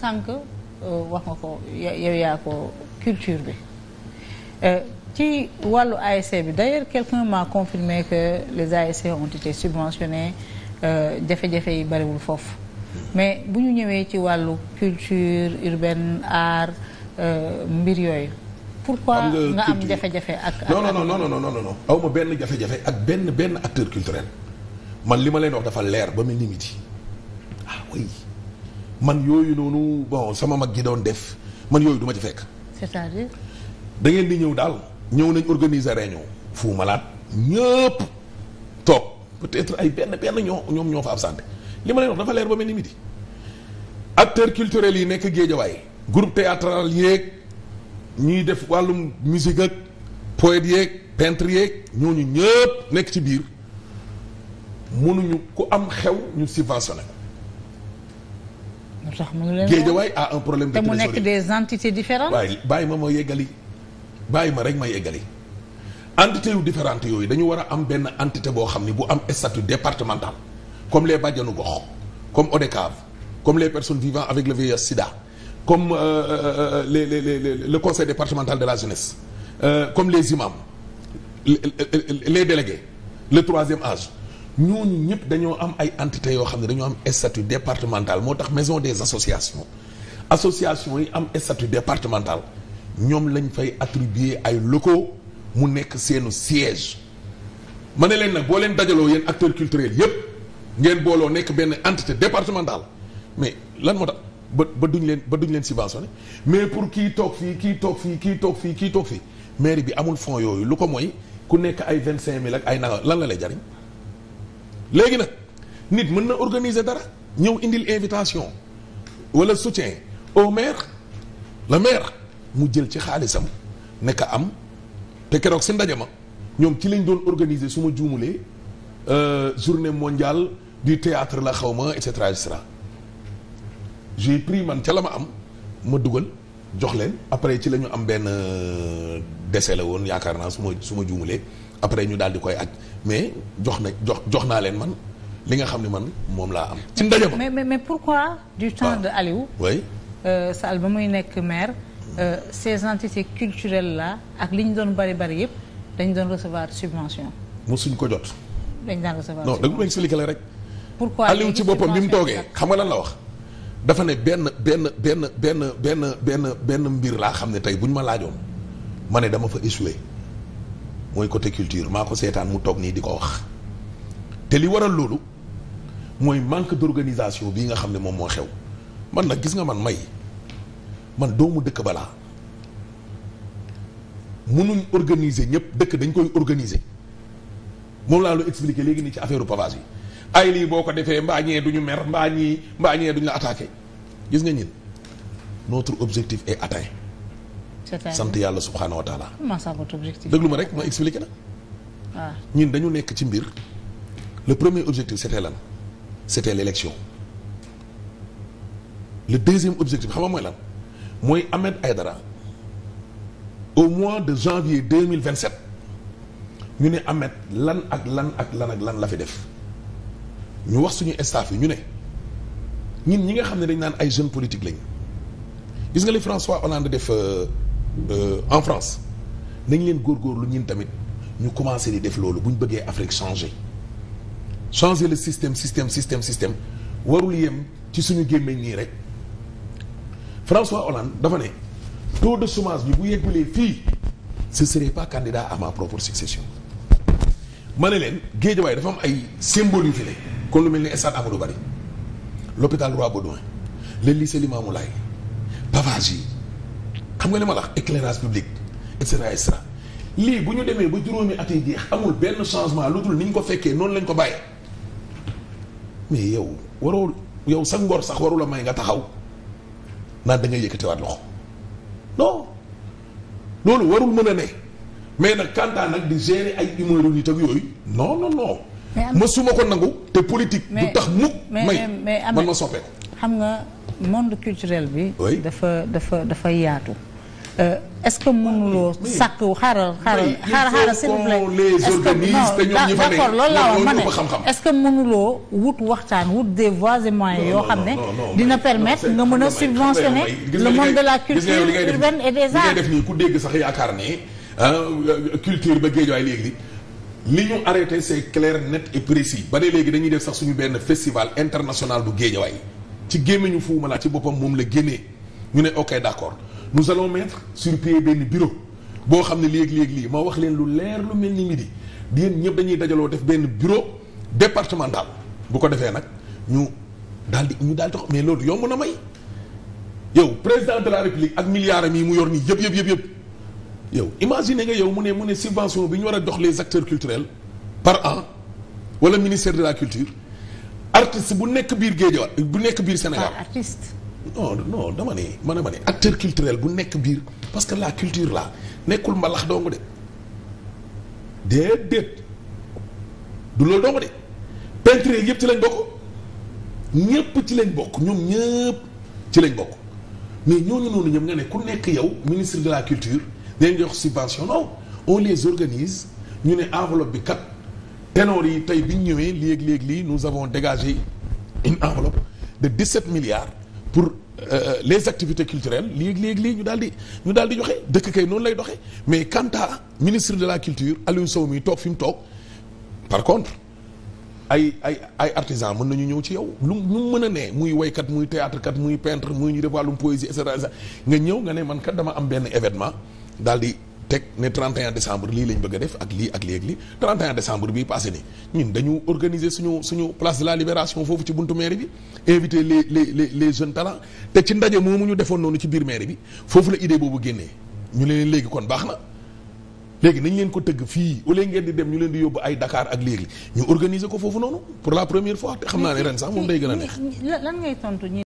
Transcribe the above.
sànq euh, wax nga ko yow yaa ko culture bi euh, ci wàllu ASC bi d'ailleurs quelqu'un m'a confirmé que les ASC ont été subventionnés euh, jafe-jafe yi bariwul foofu mais bu ñu ñëwee ci wàllu culture urbaine art mbir yooyu pourquoi nga am jafe-jafe ak non non non non non non benn jafe-jafe ak benn benn acteur culturel man li ma leen wax dafa leer ba mel ni midi ah, man yooyu noonu bon sama mag gi doon def man yooyu duma ci fekk. cest da ngeen di ñëw daal ñëw nañ organiser réunion fu malaat ñëpp toog peut-être ay benn benn ñoo ñoom ñoo fa absenté li ma leen wax leer ba mel midi acteurs culturels yi nekk géejawaay groupe théâtral yeeg ñuy def wàllum musique ak yeeg peintre yeeg ñooñu ñëpp nekk ci biir mënuñu ku am xew ñu subventionné ko Guédiawaye a un problème de trésorerie te mu nekk des entités différentes. waaye bàyyi ma ma yeggali bàyyi ma rek ma yeggali entité yu différentes yooyu dañu war a am benn entité boo xam ni bu am statut départemental comme les bajjanu gox comme ODCAV comme les personnes vivant avec le VIH sida comme euh, euh, euh, euh, les, les, les, les le conseil départemental de la jeunesse euh, comme les imams les délégués le troisième âge ñooñu ñëpp dañoo am ay entité yoo xam ne dañoo am statut départementale moo tax maison des associations association yi am statut départementale ñoom lañ fay attribuer ay locaux mu nekk seenu siège ma ne leen nag boo leen dajaloo yéen acteurs culturels yëpp ngeen booloo nekk benn entité départementale mais lan moo tax ba ba duñ leen ba duñ leen subventionné mais pour kii toog fii kii toog fii kii toog fii kii toog fii mairie bi amul fonds yooyu lu ko mooy ku nekk ay vingt cinq mille ak ay nanga lan la lay jariñ léegi nag nit mën na organiser dara ñëw indil invitation wala soutien au maire le maire mu jël ci xaalisam nekk am te keroog si ndaje ma ñoom ci lañ doon organiser su ma juumulee euh, journée mondiale du théâtre la xaw ma et cetera et cetera j'ai pris man ca la ma am ma dugal jox leen après ci la ñu am benn euh, décès la woon yaakaar naa su ma su ma juumulee après ñu daal di koy aj mais jox na jox jox naa leen man li nga xam ne man moom laa am. ci ndaje ma mais mais mais pourquoi. du temps de Aliou. oui. Euh, Sall ba muy nekk maire. Euh, ces entités culturelles là ak li ñu doon bari bari yëpp dañu doon recevoir subvention. mosuñ ko jot. dañ daan recevoir non da nga ko expliqué la rek. pourquoi Aliou ci boppam bi mu toogee xam nga lan la wax. dafa ne benn benn benn benn benn benn benn mbir laa xam ne tey bu ñu ma laajoon ma ne dama fa échoué. mooy côté culture maa ko seetaan mu toog nii di ko wax te li waral loolu mooy manque d'organisation bii nga xam ne moom moo xew man na gis nga man may man doomu dëkk balaa mënuñ organiser ñëpp dëkk dañ koy organiser moom laa lu expliqué léegi nii ci affaire pavage yi ay lii boo ko defee mbaa ñee duñu mer mbaa ñii mbaa ñee duñu la attaqué gis nga ñin notre objectif est atteint sant yàlla subhaanahu wa taala. macha allah objectif. déglu ma rek ma expliqué na. waaw ah. ñun dañu nekk ci mbir. le premier objectif c' lan c' était l' élection le deuxième objectif xam nga mooy lan mooy Ahmed Aydara au mois de janvier deux mille vingt sept ñu ne Ahmed lan ak lan ak lan ak lan la fi def ñu wax suñu staff yi ñu ne ñun ñi nga xam ne dañ naan ay jeunes politiques lañ gis nga li François Hollande def. Euh, Euh, en France nañ leen góor góor lu ñun tamit ñu commencé li def loolu bu ñu bëggee Afrique changer changer le système système système système warul yem ci suñu gémmiñ nii rek François Hollande dafa ne taux de chômage bi bu yeggulee fii ce serait pas candidat à ma propre succession ma ne leen Guédiawaye dafa am ay symbole yu fi ne comme lu mel ni stade Amadou Barry l'hôpital Roi Baudouin le lycée Limamoulaye pavage yi xam nga li ma la wax éclairage public et cetera lii bu ñu demee ba juróomi at yi jeex amul benn changement lu dul ni ñu ko fekkee noonu lañ ko bàyyee mais yow waroo yow sa ngor sax warula may nga taxaw naan da ngay yëkkatiwaat loxo non loolu warul mën a ne mais nag kantaan ak di gérer ay humeur nit ak yooyu non non non. ma suma ko nangu te politique. du tax mukk may man ma soppeeku. xam nga monde culturel bi. dafa dafa dafa yaatu. Euh, est-ce que mënuloo sàkk xaaral xaaral xaaral xaaral s'il vous plaît est-ce que non d'accord loolu ce que mënuloo wut waxtaan wut des voies et yoo xam ne dina permettre nga mën a subventionner le monde de la culture urbaine et des arts def nii ku dégg sax yaakaar ne ah, culture ba géej waay léegi li ñu arrêté c'est clair net et précis léegi dañuy def sax suñu benn festival international bu géejawaay ci foofu ma Malade ci boppam moom la génnee ñu ne ok d'accord nous allons mettre sur pied benn bureau boo xam ne léeg-léeg lii ma wax leen lu leer lu mel ni midi di yéen ñëpp dañuy dajaloo def benn bureau départemental bu ko defee nag ñu daal di ñu daal di mais loolu yomb na may yow président de la république ak milliards yi mu yor nii yëpp yëpp yëpp yëpp yow imagine nga yow mu ne mu ne subvention bi ñu war a dox les acteurs culturels par an wala ministère de la culture artiste bu nekk biir Guédiawaye bu nekk biir Sénégal. pas ah, artiste. non non dama ne ma ne ma acteur culturel bu nekk biir parce que la culture là nekkul mbalax dong de déedéet du loolu dong de peintre yi yëpp ci lañ bokk ñëpp ci lañ bokk ñoom ñëpp ci lañ bokk mais ne noonu ñoom nga ne ku nekk yow ministre de la culture dañ jox subvention non on les organise ñu ne enveloppe bi kat. ténor yi tey bi ñu ñëwee léegi léegi lii nous avons dégagé une enveloppe de 17 milliards pour euh, euh, les activités culturelles léegi léegi lii ñu daal di ñu daal di joxe dëkk kay noonu lay doxee mais quant à ministre de la culture Aliou Sow mi toog fi mu toog par contre ay ay ay artisan mën nañu ñëw ci yow lu mu mën a ne muy waykat muy théâtre kat muy peintre muy ñu def wàllum poésie et cetera nga ñëw nga ne man kat dama am benn événement daal di. teg ne 31 décembre lii lañ bëgg a def ak lii ak lii ak lii 31 décembre bii passé ni ñun dañu organiser suñu suñu place de la libération foofu ci buntu mairie bi inviter les les les les jeunes talents te ci ndaje moomu ñu defoon noonu ci biir mairie bi foofu la idée boobu génnee ñu leen léegi kon baax na léegi nañ leen ko tëgg fii au lieu ngeen di dem ñu leen di yóbbu ay Dakar ak léegi ñu organiser ko foofu noonu pour la première fois te xam naa ne ren sax moom day gën a neex. lan ngay tontu